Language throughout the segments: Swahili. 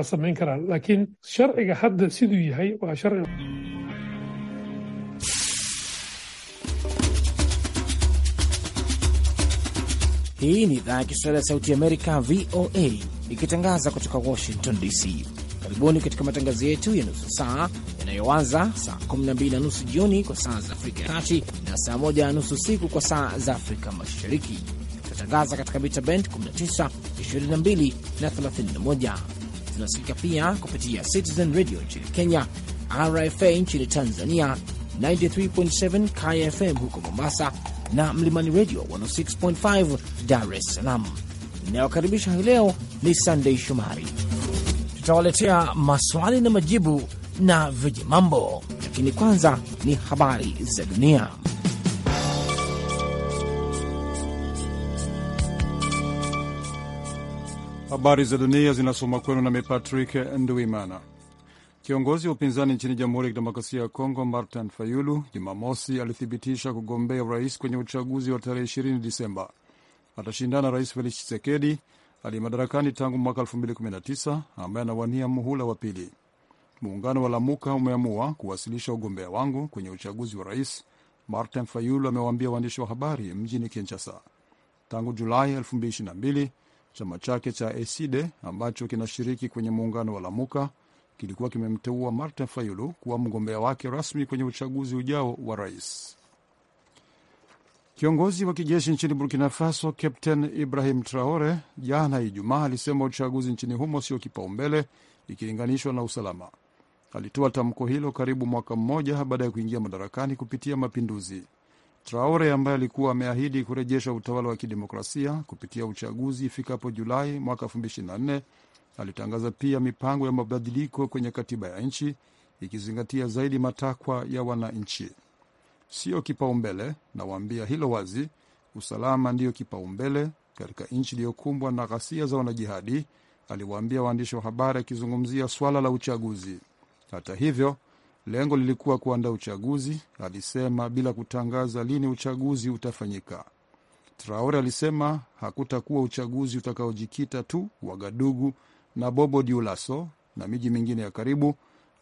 la samayn karaa, laakiin sharciga hadda siduu yahay waa sharci Hii ni idhaa ya Kiswahili ya Sauti Amerika, VOA, ikitangaza kutoka Washington DC. Karibuni katika matangazo yetu ya nusu saa yanayoanza saa 12 na nusu jioni kwa saa za Afrika ya Kati na saa 1 na nusu usiku kwa saa za Afrika Mashariki. Tunatangaza katika mita bend 19, 22 na 31 tunasikika pia kupitia Citizen Radio nchini Kenya, RFA nchini Tanzania, 93.7 KFM huko Mombasa na Mlimani Radio 106.5 Dar es Salaam. Inayokaribisha hii leo ni Sandei Shomari. Tutawaletea maswali na majibu na vijimambo, lakini kwanza ni habari za dunia. Habari za dunia zinasoma kwenu nami Patrick Nduimana. Kiongozi wa upinzani nchini Jamhuri ya Kidemokrasia ya Kongo, Martin Fayulu, Jumamosi alithibitisha kugombea urais kwenye uchaguzi wa tarehe 2 Disemba. Atashindana Rais Felix chisekedi aliye madarakani tangu mwaka 2019 ambaye anawania muhula wa pili. Muungano wa Lamuka umeamua kuwasilisha ugombea wangu kwenye uchaguzi wa rais, Martin Fayulu amewaambia waandishi wa habari mjini Kinshasa. Tangu Julai Chama chake cha Eside ambacho kinashiriki kwenye muungano wa Lamuka kilikuwa kimemteua Martin Fayulu kuwa mgombea wake rasmi kwenye uchaguzi ujao wa rais. Kiongozi wa kijeshi nchini Burkina Faso Captain Ibrahim Traore jana Ijumaa alisema uchaguzi nchini humo sio kipaumbele ikilinganishwa na usalama. Alitoa tamko hilo karibu mwaka mmoja baada ya kuingia madarakani kupitia mapinduzi. Traore ambaye alikuwa ameahidi kurejesha utawala wa kidemokrasia kupitia uchaguzi ifikapo Julai mwaka 2024 alitangaza pia mipango ya mabadiliko kwenye katiba ya nchi ikizingatia zaidi matakwa ya wananchi. sio kipaumbele, nawaambia hilo wazi. Usalama ndiyo kipaumbele katika nchi iliyokumbwa na ghasia za wanajihadi, aliwaambia waandishi wa habari akizungumzia swala la uchaguzi. Hata hivyo Lengo lilikuwa kuandaa uchaguzi, alisema, bila kutangaza lini uchaguzi utafanyika. Traore alisema hakutakuwa uchaguzi utakaojikita tu Wagadugu na Bobo Dioulasso na miji mingine ya karibu,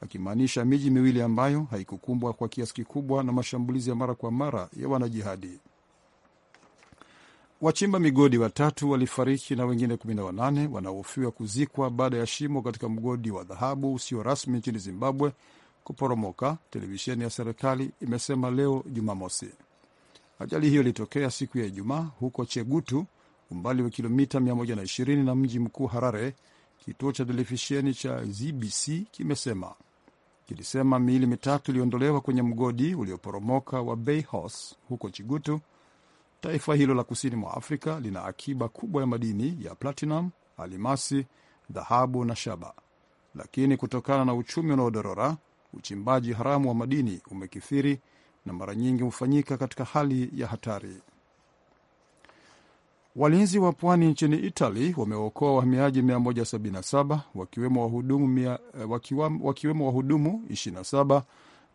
akimaanisha miji miwili ambayo haikukumbwa kwa kiasi kikubwa na mashambulizi ya mara kwa mara ya wanajihadi. Wachimba migodi watatu walifariki na wengine 18 wanaohofiwa kuzikwa baada ya shimo katika mgodi wa dhahabu usio rasmi nchini Zimbabwe kuporomoka, televisheni ya serikali imesema leo Jumamosi. Ajali hiyo ilitokea siku ya Ijumaa huko Chegutu, umbali wa kilomita 120 na mji mkuu Harare. Kituo cha televisheni cha ZBC kimesema kilisema miili mitatu iliondolewa kwenye mgodi ulioporomoka wa Bay huko Chigutu. Taifa hilo la kusini mwa Afrika lina akiba kubwa ya madini ya platinum, alimasi, dhahabu na shaba, lakini kutokana na uchumi unaodorora uchimbaji haramu wa madini umekithiri na mara nyingi hufanyika katika hali ya hatari. Walinzi wa pwani nchini Itali wameokoa wahamiaji 177 wakiwemo wahudumu, eh, wakiwemo wahudumu 27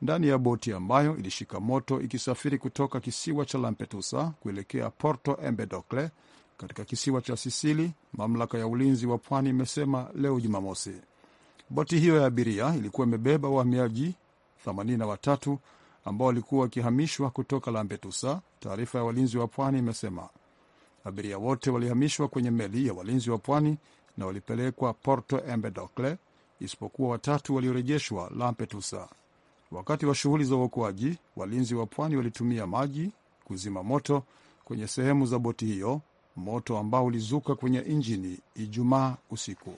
ndani ya boti ambayo ilishika moto ikisafiri kutoka kisiwa cha Lampedusa kuelekea Porto Empedocle katika kisiwa cha Sisili, mamlaka ya ulinzi wa pwani imesema leo Jumamosi. Boti hiyo ya abiria ilikuwa imebeba wahamiaji 83 ambao walikuwa wakihamishwa kutoka Lampedusa, taarifa ya walinzi wa pwani imesema. Abiria wote walihamishwa kwenye meli ya walinzi wa pwani na walipelekwa Porto Empedocle isipokuwa watatu waliorejeshwa Lampedusa. Wakati wa shughuli za uokoaji, walinzi wa pwani walitumia maji kuzima moto kwenye sehemu za boti hiyo, moto ambao ulizuka kwenye injini Ijumaa usiku.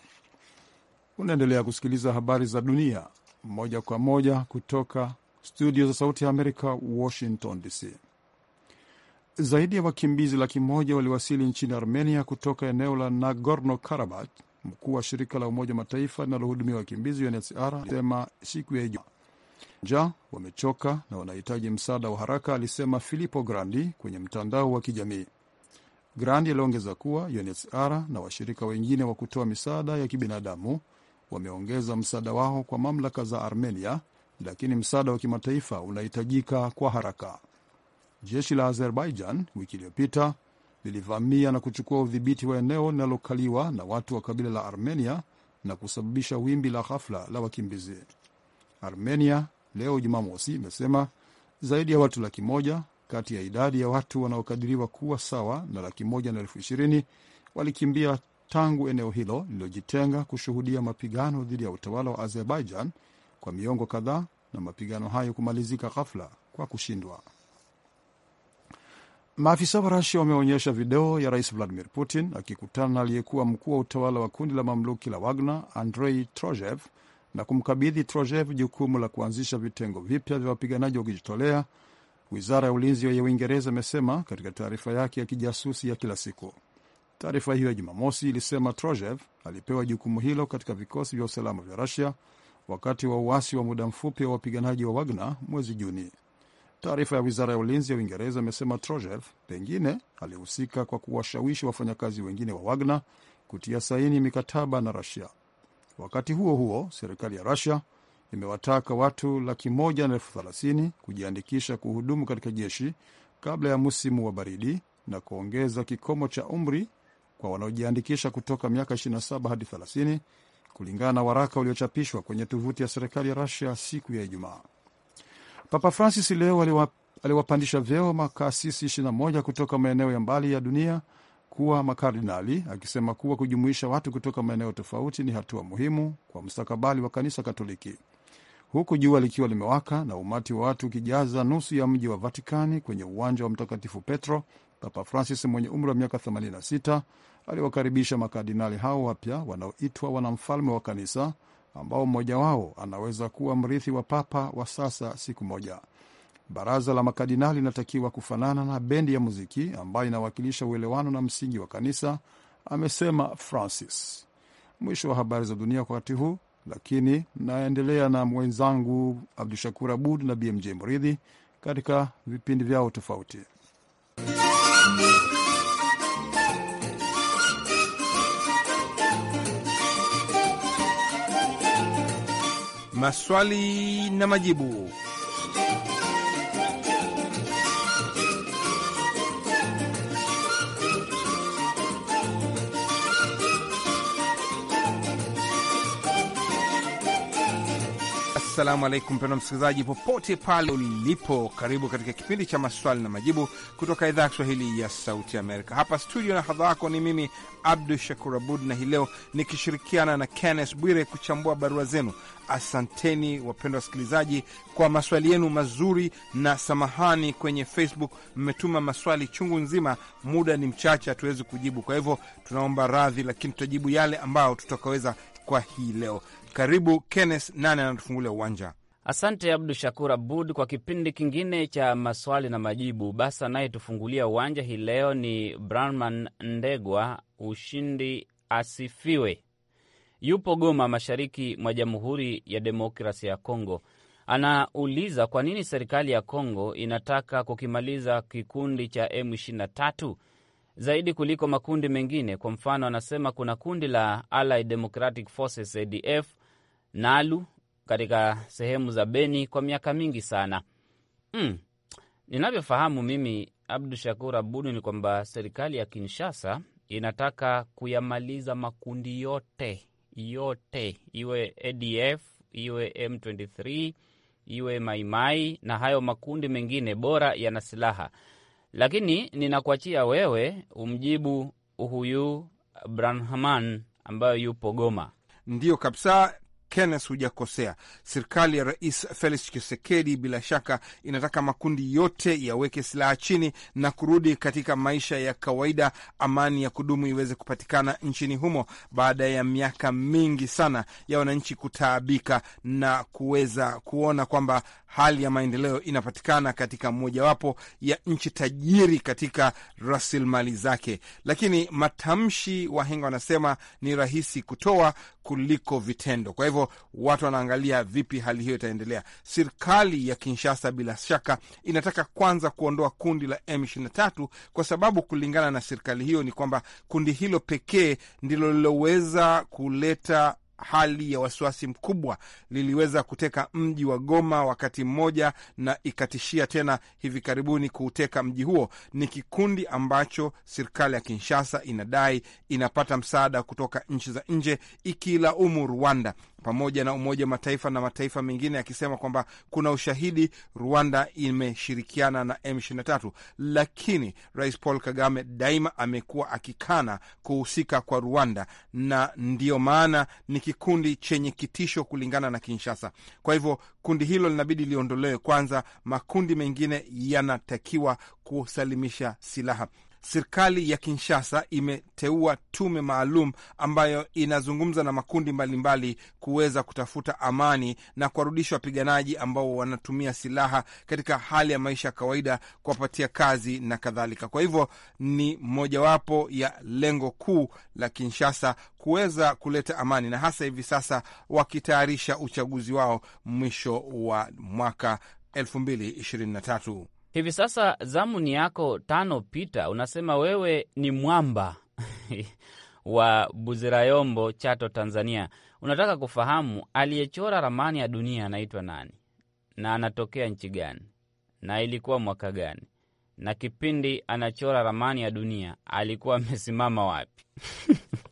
Unaendelea kusikiliza habari za dunia moja kwa moja kutoka studio za Sauti ya Amerika, Washington DC. Zaidi ya wakimbizi laki moja waliwasili nchini Armenia kutoka eneo la Nagorno Karabakh. Mkuu wa shirika la Umoja wa Mataifa linalohudumia wakimbizi UNHCR alisema siku ya Ijumaa njaa, wamechoka na wanahitaji msaada wa haraka, alisema Filippo Grandi kwenye mtandao wa kijamii. Grandi aliongeza kuwa UNHCR na washirika wengine wa kutoa misaada ya kibinadamu wameongeza msaada wao kwa mamlaka za Armenia, lakini msaada wa kimataifa unahitajika kwa haraka. Jeshi la Azerbaijan wiki iliyopita lilivamia na kuchukua udhibiti wa eneo linalokaliwa na watu wa kabila la Armenia na kusababisha wimbi la ghafla la wakimbizi. Armenia leo Jumamosi imesema zaidi ya watu laki moja kati ya idadi ya watu wanaokadiriwa kuwa sawa na laki moja na elfu ishirini walikimbia tangu eneo hilo lililojitenga kushuhudia mapigano dhidi ya utawala wa Azerbaijan kwa miongo kadhaa na mapigano hayo kumalizika ghafla kwa kushindwa. Maafisa wa Rasia wameonyesha video ya rais Vladimir Putin akikutana na aliyekuwa mkuu wa utawala wa kundi la mamluki la Wagner Andrei Trojev na kumkabidhi Trojev jukumu la kuanzisha vitengo vipya vya wapiganaji wakijitolea, wizara ya ulinzi ya Uingereza imesema katika taarifa yake ya kijasusi ya kila siku. Taarifa hiyo ya Jumamosi ilisema Trojev alipewa jukumu hilo katika vikosi vya usalama vya Rusia wakati wa uasi wa muda mfupi wa wapiganaji wa Wagner mwezi Juni. Taarifa ya wizara ya ulinzi ya Uingereza imesema Trojev pengine alihusika kwa kuwashawishi wafanyakazi wengine wa Wagner kutia saini mikataba na Rusia. Wakati huo huo, serikali ya Rusia imewataka watu laki moja na elfu thelathini kujiandikisha kuhudumu katika jeshi kabla ya msimu wa baridi na kuongeza kikomo cha umri kwa wanaojiandikisha kutoka miaka 27 hadi 30 kulingana na waraka uliochapishwa kwenye tovuti ya serikali ya Rusia siku ya Ijumaa. Papa Francis leo aliwapandisha vyeo makasisi 21 kutoka maeneo ya mbali ya dunia kuwa makardinali, akisema kuwa kujumuisha watu kutoka maeneo tofauti ni hatua muhimu kwa mustakabali wa kanisa Katoliki, huku jua likiwa limewaka na umati wa watu ukijaza nusu ya mji wa Vatikani kwenye uwanja wa Mtakatifu Petro Papa Francis mwenye umri wa miaka 86 aliwakaribisha makardinali hao wapya wanaoitwa wanamfalme wa kanisa ambao mmoja wao anaweza kuwa mrithi wa papa wa sasa siku moja. Baraza la makardinali linatakiwa kufanana na bendi ya muziki ambayo inawakilisha uelewano na msingi wa kanisa, amesema Francis. Mwisho wa habari za dunia kwa wakati huu, lakini naendelea na mwenzangu abdushakur Abud na BMJ Mridhi katika vipindi vyao tofauti. Maswali na majibu. Assalamu alaikum, pendo msikilizaji, popote pale ulipo, karibu katika kipindi cha maswali na majibu kutoka idhaa ya Kiswahili ya Sauti Amerika. Hapa studio na hadha ako ni mimi Abdu Shakur Abud, na hii leo nikishirikiana na Kenneth Bwire kuchambua barua zenu. Asanteni wapendwa wasikilizaji kwa maswali yenu mazuri, na samahani, kwenye Facebook mmetuma maswali chungu nzima, muda ni mchache, hatuwezi kujibu. Kwa hivyo tunaomba radhi, lakini tutajibu yale ambayo tutakaweza kwa hii leo. Karibu Kenneth Nane anatufungulia uwanja. Asante Abdu Shakur Abud kwa kipindi kingine cha maswali na majibu. Basi anayetufungulia uwanja hii leo ni Branman Ndegwa, ushindi asifiwe. Yupo Goma, mashariki mwa Jamhuri ya Demokrasia ya Kongo. Anauliza, kwa nini serikali ya Kongo inataka kukimaliza kikundi cha M23 zaidi kuliko makundi mengine? Kwa mfano, anasema kuna kundi la Allied Democratic Forces ADF Nalu katika sehemu za Beni kwa miaka mingi sana. Mm, ninavyofahamu mimi Abdu Shakur Abudu ni kwamba serikali ya Kinshasa inataka kuyamaliza makundi yote yote, iwe ADF iwe M23 iwe Maimai na hayo makundi mengine bora yana silaha, lakini ninakuachia wewe umjibu huyu Branhaman ambayo yupo Goma. Ndiyo kabisa, Kenneth, hujakosea. Serikali ya Rais Felix chisekedi bila shaka inataka makundi yote yaweke silaha chini na kurudi katika maisha ya kawaida, amani ya kudumu iweze kupatikana nchini humo baada ya miaka mingi sana ya wananchi kutaabika na kuweza kuona kwamba hali ya maendeleo inapatikana katika mojawapo ya nchi tajiri katika rasilimali zake, lakini matamshi, wahenga wanasema, ni rahisi kutoa kuliko vitendo. Kwa hivyo watu wanaangalia vipi hali hiyo itaendelea. Serikali ya Kinshasa bila shaka inataka kwanza kuondoa kundi la M23 kwa sababu kulingana na serikali hiyo ni kwamba kundi hilo pekee ndilo liloweza kuleta hali ya wasiwasi mkubwa liliweza kuteka mji wa Goma wakati mmoja na ikatishia tena hivi karibuni kuuteka mji huo. Ni kikundi ambacho serikali ya Kinshasa inadai inapata msaada kutoka nchi za nje, ikilaumu Rwanda pamoja na Umoja wa Mataifa na mataifa mengine akisema kwamba kuna ushahidi Rwanda imeshirikiana na M23, lakini Rais Paul Kagame daima amekuwa akikana kuhusika kwa Rwanda, na ndiyo maana ni kikundi chenye kitisho kulingana na Kinshasa. Kwa hivyo kundi hilo linabidi liondolewe kwanza, makundi mengine yanatakiwa kusalimisha silaha serikali ya Kinshasa imeteua tume maalum ambayo inazungumza na makundi mbalimbali kuweza kutafuta amani na kuwarudisha wapiganaji ambao wanatumia silaha katika hali ya maisha ya kawaida, kuwapatia kazi na kadhalika. Kwa hivyo ni mojawapo ya lengo kuu la Kinshasa kuweza kuleta amani, na hasa hivi sasa wakitayarisha uchaguzi wao mwisho wa mwaka 2023. Hivi sasa zamu ni yako tano pita, unasema wewe ni mwamba wa Buzirayombo, Chato, Tanzania. Unataka kufahamu aliyechora ramani ya dunia anaitwa nani na anatokea nchi gani na ilikuwa mwaka gani na kipindi anachora ramani ya dunia alikuwa amesimama wapi?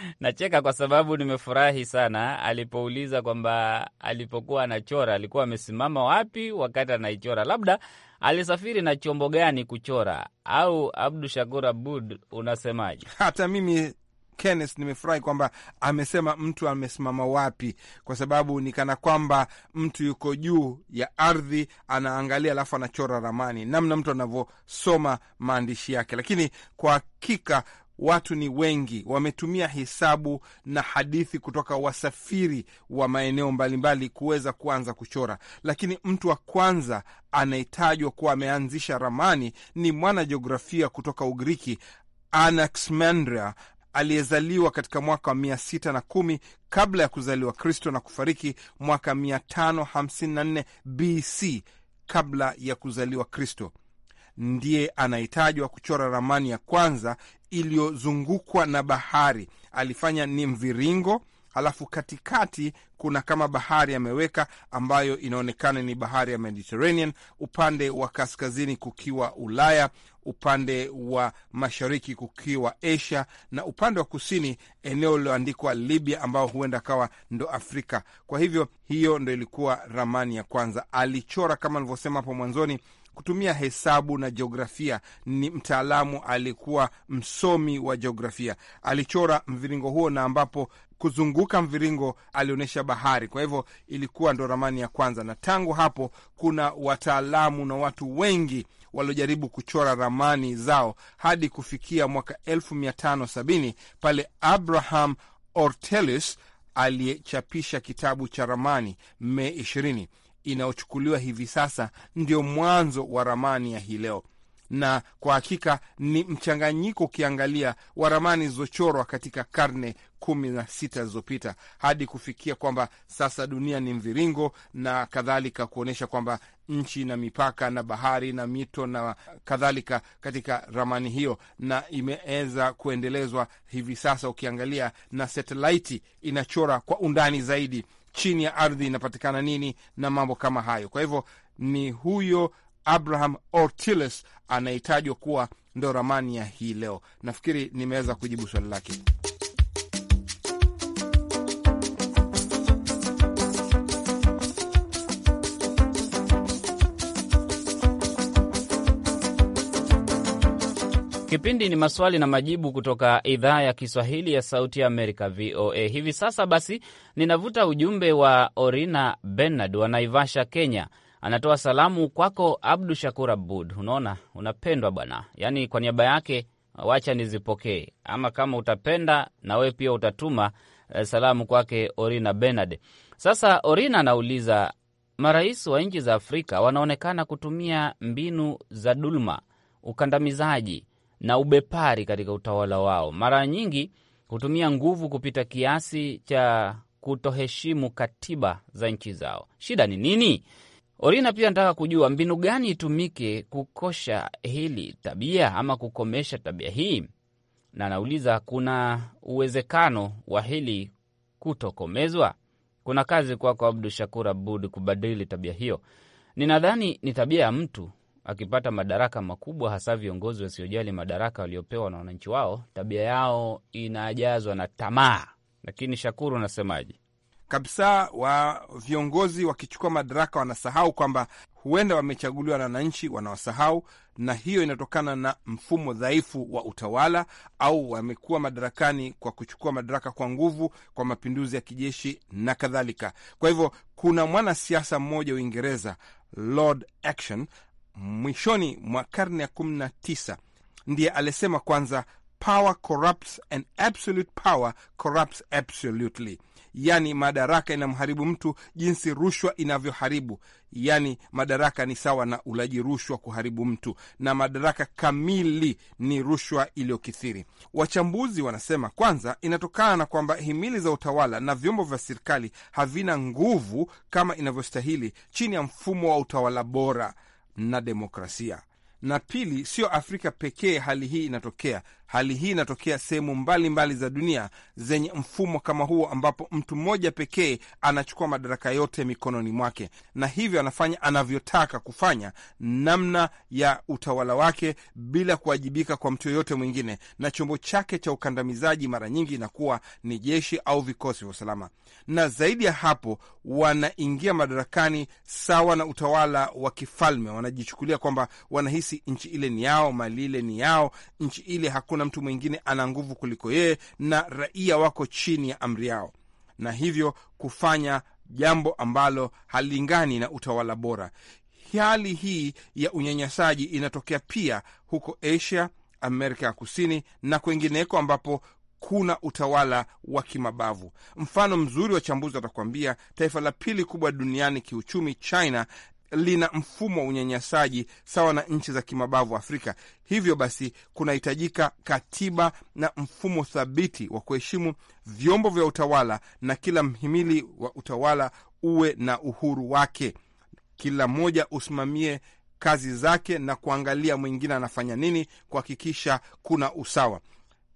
nacheka kwa sababu nimefurahi sana alipouliza kwamba alipokuwa anachora alikuwa amesimama wapi wakati anaichora, labda alisafiri na chombo gani kuchora. Au Abdu Shakur Abud, unasemaje? Hata mimi Kenneth nimefurahi kwamba amesema mtu amesimama wapi, kwa sababu ni kana kwamba mtu yuko juu ya ardhi anaangalia, alafu anachora ramani, namna mtu anavyosoma maandishi yake. Lakini kwa hakika watu ni wengi, wametumia hesabu na hadithi kutoka wasafiri wa maeneo mbalimbali kuweza kuanza kuchora, lakini mtu wa kwanza anayetajwa kuwa ameanzisha ramani ni mwanajiografia kutoka Ugiriki Anaximandra aliyezaliwa katika mwaka wa mia sita na kumi kabla ya kuzaliwa Kristo na kufariki mwaka 554 BC kabla ya kuzaliwa Kristo ndiye anahitajwa kuchora ramani ya kwanza iliyozungukwa na bahari. Alifanya ni mviringo, alafu katikati kuna kama bahari ameweka ambayo inaonekana ni bahari ya Mediterranean, upande wa kaskazini kukiwa Ulaya, upande wa mashariki kukiwa Asia na upande wa kusini eneo liloandikwa Libya, ambao huenda akawa ndo Afrika. Kwa hivyo hiyo ndo ilikuwa ramani ya kwanza. Alichora kama alivyosema hapo mwanzoni, kutumia hesabu na jiografia. Ni mtaalamu, alikuwa msomi wa jiografia, alichora mviringo huo, na ambapo kuzunguka mviringo alionyesha bahari. Kwa hivyo ilikuwa ndo ramani ya kwanza, na tangu hapo kuna wataalamu na watu wengi waliojaribu kuchora ramani zao hadi kufikia mwaka 1570 pale Abraham Ortelius aliyechapisha kitabu cha ramani Mei 20 inayochukuliwa hivi sasa ndio mwanzo wa ramani ya hii leo, na kwa hakika ni mchanganyiko ukiangalia wa ramani zilizochorwa katika karne kumi na sita zilizopita hadi kufikia kwamba sasa dunia ni mviringo na kadhalika, kuonyesha kwamba nchi na mipaka na bahari na mito na kadhalika katika ramani hiyo, na imeweza kuendelezwa hivi sasa ukiangalia, na satelaiti inachora kwa undani zaidi chini ya ardhi inapatikana nini na mambo kama hayo. Kwa hivyo ni huyo Abraham ortiles anayetajwa kuwa ndo ramani ya hii leo. Nafikiri nimeweza kujibu swali lake. Kipindi ni maswali na majibu kutoka idhaa ya Kiswahili ya Sauti ya Amerika, VOA. Hivi sasa basi, ninavuta ujumbe wa Orina Bernard wa Naivasha, Kenya. Anatoa salamu kwako Abdu Shakur Abud. Unaona, unapendwa bwana, yaani kwa niaba yake wacha nizipokee, ama kama utapenda na wewe pia utatuma eh, salamu kwake Orina Bernard. Sasa Orina anauliza, marais wa nchi za Afrika wanaonekana kutumia mbinu za dulma ukandamizaji na ubepari katika utawala wao. Mara nyingi hutumia nguvu kupita kiasi cha kutoheshimu katiba za nchi zao. Shida ni nini? Orina pia anataka kujua mbinu gani itumike kukosha hili tabia ama kukomesha tabia hii, na anauliza kuna uwezekano wa hili kutokomezwa. Kuna kazi kwako kwa Abdu Shakur Abud kubadili tabia hiyo. Ninadhani ni tabia ya mtu akipata madaraka makubwa, hasa viongozi wasiojali madaraka waliopewa na wananchi wao, tabia yao inajazwa na tamaa. Lakini Shakuru, unasemaje? Kabisa, wa viongozi wakichukua madaraka wanasahau kwamba huenda wamechaguliwa na wananchi, wanawasahau, na hiyo inatokana na mfumo dhaifu wa utawala, au wamekuwa madarakani kwa kuchukua madaraka kwa nguvu, kwa mapinduzi ya kijeshi na kadhalika. Kwa hivyo kuna mwanasiasa mmoja Uingereza, Lord Action, mwishoni mwa karne ya 19 ndiye alisema kwanza, power corrupts and absolute power corrupts absolutely, yaani, madaraka inamharibu mtu jinsi rushwa inavyoharibu. yani madaraka ni sawa na ulaji rushwa kuharibu mtu, na madaraka kamili ni rushwa iliyokithiri. Wachambuzi wanasema kwanza, inatokana na kwamba himili za utawala na vyombo vya serikali havina nguvu kama inavyostahili chini ya mfumo wa utawala bora na demokrasia. Na pili, siyo Afrika pekee hali hii inatokea, Hali hii inatokea sehemu mbalimbali za dunia zenye mfumo kama huo, ambapo mtu mmoja pekee anachukua madaraka yote mikononi mwake, na hivyo anafanya anavyotaka kufanya namna ya utawala wake bila kuwajibika kwa mtu yoyote mwingine, na chombo chake cha ukandamizaji mara nyingi inakuwa ni jeshi au vikosi vya usalama. Na zaidi ya hapo, wanaingia madarakani sawa na utawala wa kifalme, wanajichukulia kwamba wanahisi nchi ile ni yao, mali ile ni yao, nchi ile hakuna hakuna mtu mwingine ana nguvu kuliko yeye na raia wako chini ya amri yao, na hivyo kufanya jambo ambalo halilingani na utawala bora. Hali hii ya unyanyasaji inatokea pia huko Asia, Amerika ya Kusini na kwengineko ambapo kuna utawala wa kimabavu. Mfano mzuri wa chambuzi watakuambia taifa la pili kubwa duniani kiuchumi, China lina mfumo wa unyanyasaji sawa na nchi za kimabavu Afrika. Hivyo basi kunahitajika katiba na mfumo thabiti wa kuheshimu vyombo vya utawala, na kila mhimili wa utawala uwe na uhuru wake, kila mmoja usimamie kazi zake na kuangalia mwingine anafanya nini, kuhakikisha kuna usawa,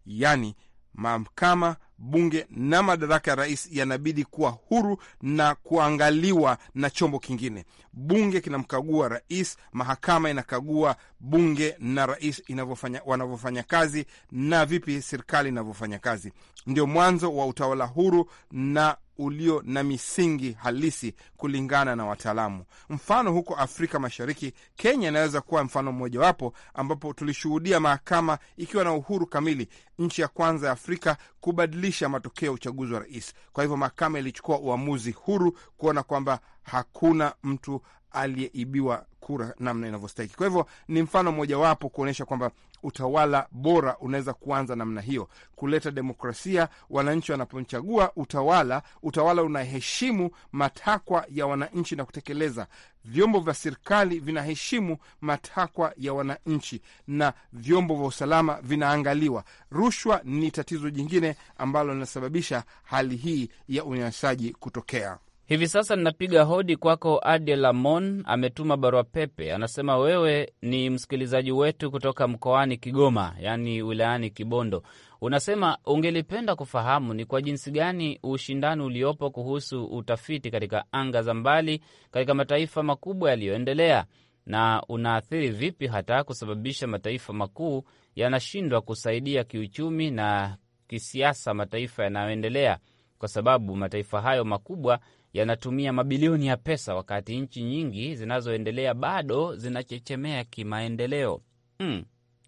yaani mahakama bunge na madaraka ya rais yanabidi kuwa huru na kuangaliwa na chombo kingine. Bunge kinamkagua rais, mahakama inakagua bunge na rais inavyofanya, wanavyofanya kazi na vipi serikali inavyofanya kazi. Ndio mwanzo wa utawala huru na ulio na misingi halisi kulingana na wataalamu. Mfano huko Afrika Mashariki, Kenya inaweza kuwa mfano mmojawapo, ambapo tulishuhudia mahakama ikiwa na uhuru kamili, nchi ya kwanza ya Afrika kubadilisha kubadilisha matokeo ya uchaguzi wa rais. Kwa hivyo mahakama ilichukua uamuzi huru kuona kwamba hakuna mtu aliyeibiwa kura namna inavyostahiki. Kwa hivyo ni mfano mmojawapo kuonyesha kwamba utawala bora unaweza kuanza namna hiyo, kuleta demokrasia. Wananchi wanapomchagua utawala, utawala unaheshimu matakwa ya wananchi na kutekeleza. Vyombo vya serikali vinaheshimu matakwa ya wananchi na vyombo vya usalama vinaangaliwa. Rushwa ni tatizo jingine ambalo linasababisha hali hii ya unyanyasaji kutokea. Hivi sasa ninapiga hodi kwako. Ade Lamon ametuma barua pepe, anasema wewe ni msikilizaji wetu kutoka mkoani Kigoma, yaani wilayani Kibondo. Unasema ungelipenda kufahamu ni kwa jinsi gani ushindani uliopo kuhusu utafiti katika anga za mbali katika mataifa makubwa yaliyoendelea na unaathiri vipi hata kusababisha mataifa makuu yanashindwa kusaidia kiuchumi na kisiasa mataifa yanayoendelea kwa sababu mataifa hayo makubwa yanatumia mabilioni ya pesa, wakati nchi nyingi zinazoendelea bado zinachechemea kimaendeleo. Hmm.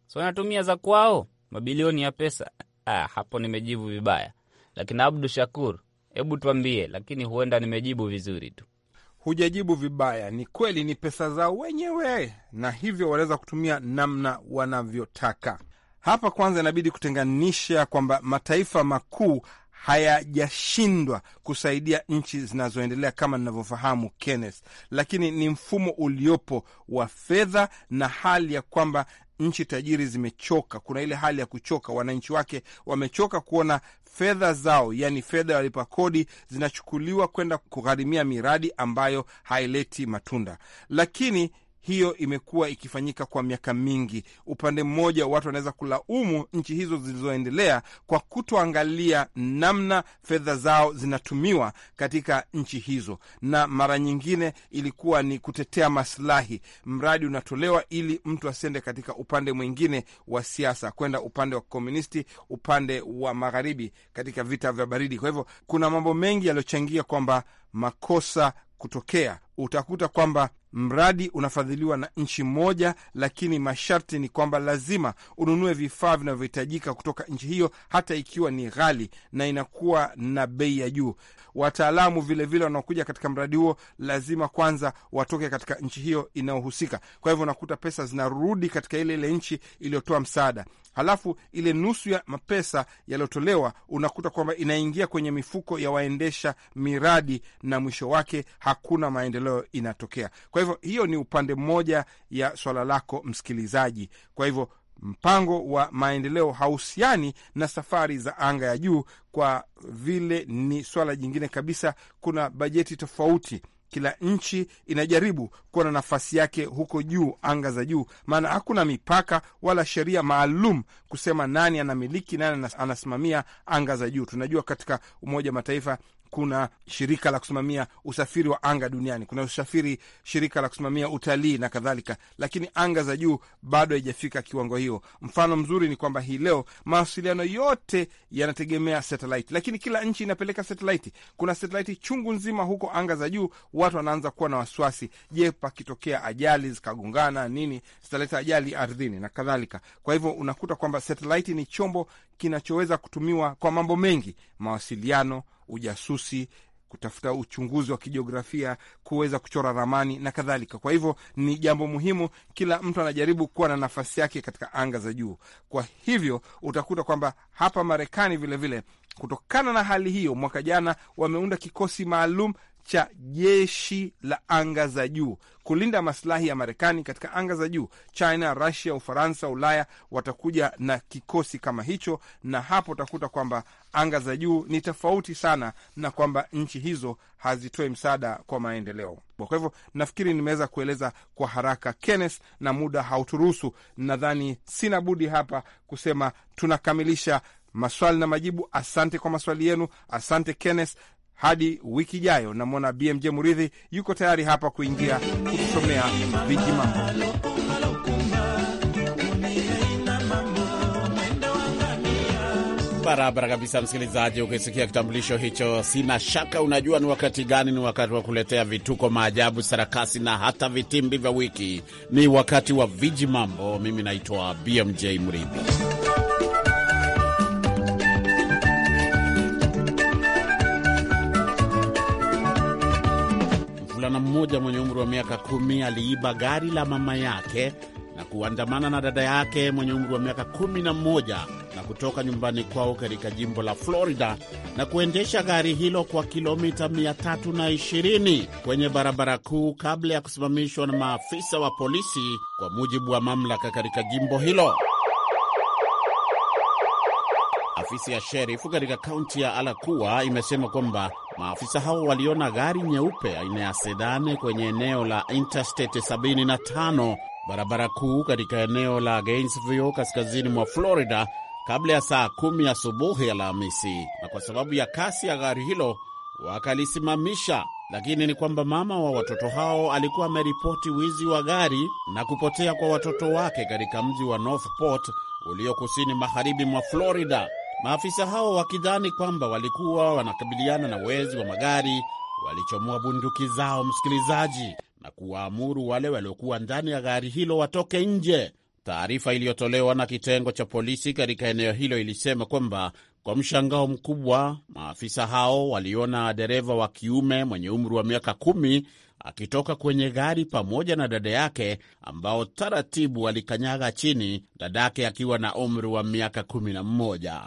So wanatumia za kwao mabilioni ya pesa. Ah, hapo nimejibu vibaya, lakini Abdu Shakur, hebu tuambie, lakini huenda nimejibu vizuri tu. Hujajibu vibaya, ni kweli, ni pesa zao wenyewe, na hivyo wanaweza kutumia namna wanavyotaka. Hapa kwanza inabidi kutenganisha kwamba mataifa makuu hayajashindwa kusaidia nchi zinazoendelea kama ninavyofahamu Kenneth, lakini ni mfumo uliopo wa fedha na hali ya kwamba nchi tajiri zimechoka. Kuna ile hali ya kuchoka, wananchi wake wamechoka kuona fedha zao, yani fedha ya walipa kodi zinachukuliwa kwenda kugharimia miradi ambayo haileti matunda, lakini hiyo imekuwa ikifanyika kwa miaka mingi. Upande mmoja, watu wanaweza kulaumu nchi hizo zilizoendelea kwa kutoangalia namna fedha zao zinatumiwa katika nchi hizo, na mara nyingine ilikuwa ni kutetea maslahi, mradi unatolewa ili mtu asiende katika upande mwingine wa siasa, kwenda upande wa komunisti, upande wa magharibi katika vita vya baridi. Kwa hivyo kuna mambo mengi yaliyochangia kwamba makosa kutokea. Utakuta kwamba mradi unafadhiliwa na nchi moja, lakini masharti ni kwamba lazima ununue vifaa vinavyohitajika kutoka nchi hiyo, hata ikiwa ni ghali na inakuwa na bei ya juu. Wataalamu vilevile wanaokuja katika mradi huo lazima kwanza watoke katika nchi hiyo inayohusika. Kwa hivyo unakuta pesa zinarudi katika ile ile nchi iliyotoa msaada halafu ile nusu ya mapesa yaliyotolewa unakuta kwamba inaingia kwenye mifuko ya waendesha miradi na mwisho wake hakuna maendeleo inatokea. Kwa hivyo hiyo ni upande mmoja ya swala lako msikilizaji. Kwa hivyo mpango wa maendeleo hahusiani na safari za anga ya juu, kwa vile ni swala jingine kabisa. Kuna bajeti tofauti kila nchi inajaribu kuwa na nafasi yake huko juu, anga za juu, maana hakuna mipaka wala sheria maalum kusema nani anamiliki, nani anasimamia anga za juu. Tunajua katika Umoja wa Mataifa kuna shirika la kusimamia usafiri wa anga duniani, kuna usafiri shirika la kusimamia utalii na kadhalika, lakini anga za juu bado haijafika kiwango hiyo. Mfano mzuri ni kwamba hii leo mawasiliano yote yanategemea satelaiti, lakini kila nchi inapeleka satelaiti. Kuna satelaiti chungu nzima huko anga za juu. Watu wanaanza kuwa na wasiwasi, je, pakitokea ajali zikagongana nini, zitaleta ajali ardhini na kadhalika. Kwa hivyo unakuta kwamba satelaiti ni chombo kinachoweza kutumiwa kwa mambo mengi, mawasiliano ujasusi kutafuta uchunguzi wa kijiografia, kuweza kuchora ramani na kadhalika. Kwa hivyo ni jambo muhimu, kila mtu anajaribu kuwa na nafasi yake katika anga za juu. Kwa hivyo utakuta kwamba hapa Marekani vilevile, kutokana na hali hiyo, mwaka jana wameunda kikosi maalum cha jeshi la anga za juu kulinda masilahi ya Marekani katika anga za juu. China, Rusia, Ufaransa, Ulaya watakuja na kikosi kama hicho, na hapo utakuta kwamba anga za juu ni tofauti sana, na kwamba nchi hizo hazitoi msaada kwa maendeleo. Kwa hivyo nafikiri nimeweza kueleza kwa haraka Kenneth, na muda hauturuhusu, nadhani sina budi hapa kusema tunakamilisha maswali na majibu. Asante kwa maswali yenu, asante Kenneth, hadi wiki ijayo. Namwona BMJ Muridhi yuko tayari hapa kuingia kutusomea viji mambo. Barabara kabisa, msikilizaji. Ukisikia kitambulisho hicho, sina shaka unajua ni wakati gani. Ni wakati wa kuletea vituko, maajabu, sarakasi na hata vitimbi vya wiki. Ni wakati wa viji mambo. Mimi naitwa BMJ Mridhi. mmoja mwenye umri wa miaka kumi aliiba gari la mama yake na kuandamana na dada yake mwenye umri wa miaka kumi na mmoja na kutoka nyumbani kwao katika jimbo la Florida na kuendesha gari hilo kwa kilomita 320 kwenye barabara kuu kabla ya kusimamishwa na maafisa wa polisi, kwa mujibu wa mamlaka katika jimbo hilo. Afisi ya sherifu katika kaunti ya Alakua imesema kwamba maafisa hao waliona gari nyeupe aina ya sedane kwenye eneo la Interstate 75 barabara kuu katika eneo la Gainesville kaskazini mwa Florida kabla ya saa kumi asubuhi Alhamisi, na kwa sababu ya kasi ya gari hilo wakalisimamisha. Lakini ni kwamba mama wa watoto hao alikuwa ameripoti wizi wa gari na kupotea kwa watoto wake katika mji wa Northport ulio kusini magharibi mwa Florida. Maafisa hao wakidhani kwamba walikuwa wanakabiliana na wezi wa magari, walichomoa bunduki zao, msikilizaji, na kuwaamuru wale waliokuwa ndani ya gari hilo watoke nje. Taarifa iliyotolewa na kitengo cha polisi katika eneo hilo ilisema kwamba kwa mshangao mkubwa, maafisa hao waliona dereva wa kiume mwenye umri wa miaka kumi akitoka kwenye gari pamoja na dada yake ambao taratibu alikanyaga chini, dadake akiwa na umri wa miaka kumi na mmoja.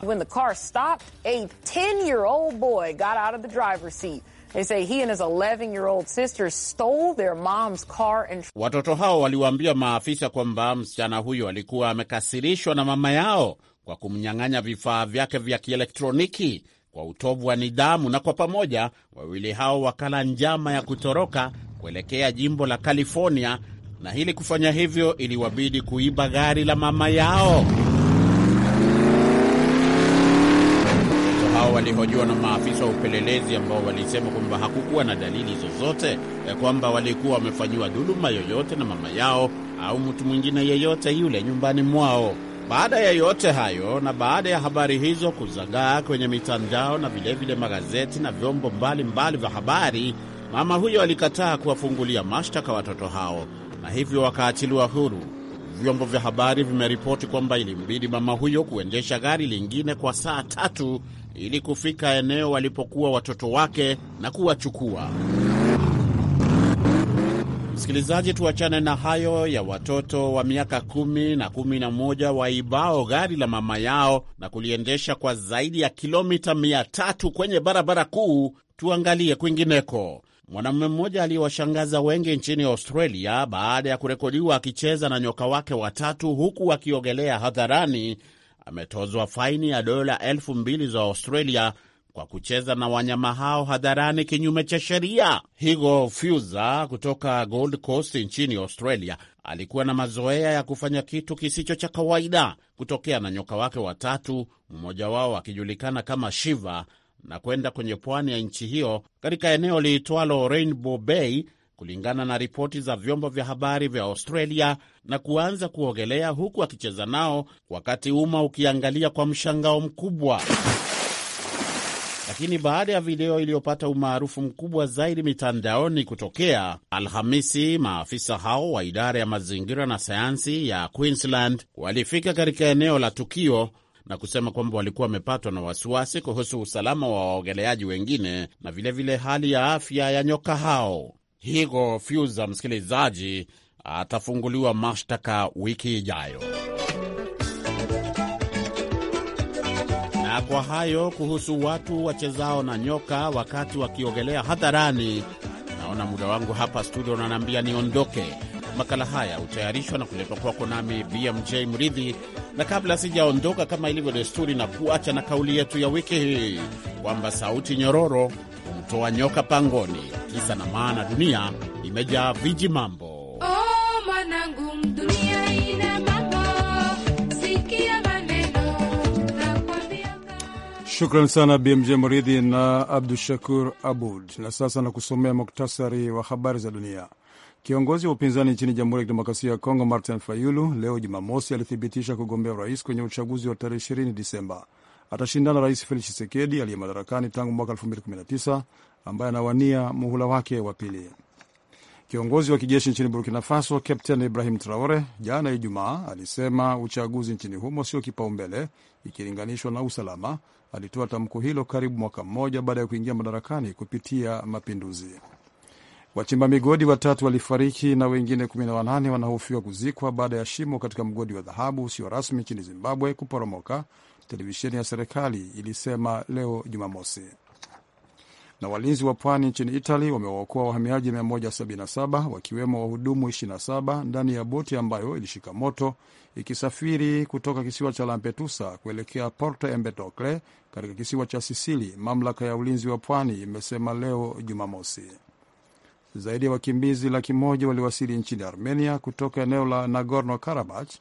Watoto hao waliwaambia maafisa kwamba msichana huyo alikuwa amekasirishwa na mama yao kwa kumnyang'anya vifaa vyake vya kielektroniki kwa utovu wa nidhamu, na kwa pamoja wawili hao wakala njama ya kutoroka kuelekea jimbo la California, na ili kufanya hivyo iliwabidi kuiba gari la mama yao. hao Walihojiwa na maafisa wa upelelezi ambao walisema kwamba hakukuwa na dalili zozote kwamba walikuwa wamefanyiwa dhuluma yoyote na mama yao au mtu mwingine yeyote yule nyumbani mwao. Baada ya yote hayo na baada ya habari hizo kuzagaa kwenye mitandao na vilevile magazeti na vyombo mbalimbali vya habari, mama huyo alikataa kuwafungulia mashtaka watoto hao na hivyo wakaachiliwa huru. Vyombo vya habari vimeripoti kwamba ilimbidi mama huyo kuendesha gari lingine kwa saa tatu ili kufika eneo walipokuwa watoto wake na kuwachukua. Msikilizaji, tuachane na hayo ya watoto wa miaka kumi na kumi na moja waibao gari la mama yao na kuliendesha kwa zaidi ya kilomita mia tatu kwenye barabara kuu. Tuangalie kwingineko. Mwanamume mmoja aliyewashangaza wengi nchini Australia baada ya kurekodiwa akicheza na nyoka wake watatu huku akiogelea hadharani ametozwa faini ya dola elfu mbili za Australia kwa kucheza na wanyama hao hadharani kinyume cha sheria. Higo Fuza kutoka Gold Coast nchini Australia alikuwa na mazoea ya kufanya kitu kisicho cha kawaida kutokea na nyoka wake watatu, mmoja wao akijulikana kama Shiva, na kwenda kwenye pwani ya nchi hiyo katika eneo liitwalo Rainbow Bay kulingana na ripoti za vyombo vya habari vya Australia na kuanza kuogelea huku akicheza nao, wakati umma ukiangalia kwa mshangao mkubwa lakini baada ya video iliyopata umaarufu mkubwa zaidi mitandaoni kutokea Alhamisi, maafisa hao wa idara ya mazingira na sayansi ya Queensland walifika katika eneo la tukio na kusema kwamba walikuwa wamepatwa na wasiwasi kuhusu usalama wa waogeleaji wengine na vilevile vile hali ya afya ya nyoka hao. Higo Fyuza, msikilizaji, atafunguliwa mashtaka wiki ijayo. Kwa hayo kuhusu watu wachezao na nyoka wakati wakiogelea hadharani, naona muda wangu hapa studio unaniambia niondoke. Makala haya hutayarishwa na kuletwa kwako nami BMJ Mridhi, na kabla sijaondoka, kama ilivyo desturi, na kuacha na kauli yetu ya wiki hii kwamba sauti nyororo humtoa nyoka pangoni. Kisa na maana, dunia imejaa viji mambo. Oh, manangu, Shukran sana BMJ Muridhi na Abdu Shakur Abud. Na sasa na kusomea muktasari wa habari za dunia. Kiongozi wa upinzani nchini Jamhuri ya Kidemokrasia ya Kongo, Martin Fayulu, leo Jumamosi alithibitisha kugombea urais kwenye uchaguzi wa tarehe 20 Disemba. Atashindana Rais Felix Chisekedi aliye madarakani tangu mwaka 2019 ambaye anawania muhula wake wa pili. Kiongozi wa kijeshi nchini Burkina Faso, Kapteni Ibrahim Traore, jana Ijumaa, alisema uchaguzi nchini humo sio kipaumbele ikilinganishwa na usalama Alitoa tamko hilo karibu mwaka mmoja baada ya kuingia madarakani kupitia mapinduzi. Wachimba migodi watatu walifariki na wengine 18 wanahofiwa kuzikwa baada ya shimo katika mgodi wa dhahabu usio rasmi nchini Zimbabwe kuporomoka, televisheni ya serikali ilisema leo Jumamosi na walinzi wa pwani nchini Italy wamewaokoa wahamiaji 177 wakiwemo wahudumu 27 ndani ya boti ambayo ilishika moto ikisafiri kutoka kisiwa cha Lampedusa kuelekea Porto Empedocle katika kisiwa cha Sisili, mamlaka ya ulinzi wa pwani imesema leo Jumamosi. Zaidi ya wakimbizi laki moja waliwasili nchini Armenia kutoka eneo la Nagorno Karabach.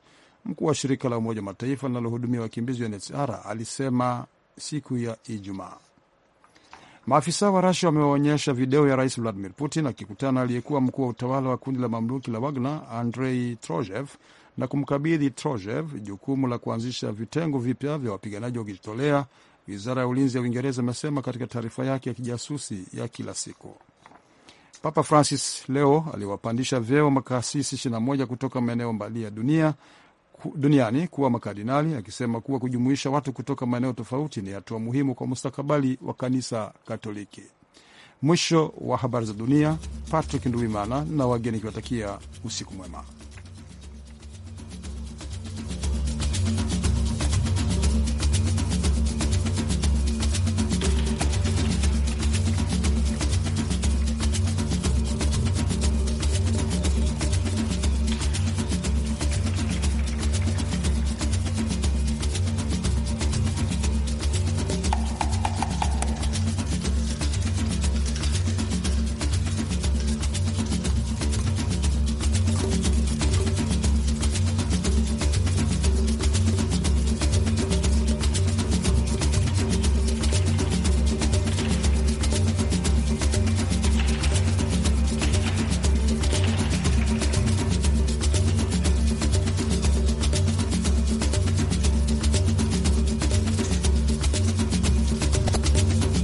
Mkuu wa shirika la Umoja Mataifa linalohudumia wakimbizi UNHCR alisema siku ya Ijumaa. Maafisa wa Rasia wamewaonyesha video ya rais Vladimir Putin akikutana aliyekuwa mkuu wa utawala wa kundi la mamluki la Wagner Andrei Trojev na kumkabidhi Trojev jukumu la kuanzisha vitengo vipya vya wapiganaji wakijitolea, wizara ya ulinzi ya Uingereza imesema katika taarifa yake ya kijasusi ya kila siku. Papa Francis leo aliwapandisha vyeo makasisi 21 kutoka maeneo mbali ya dunia duniani kuwa makardinali, akisema kuwa kujumuisha watu kutoka maeneo tofauti ni hatua muhimu kwa mustakabali wa kanisa Katoliki. Mwisho wa habari za dunia. Patrick nduimana na wageni kiwatakia usiku mwema.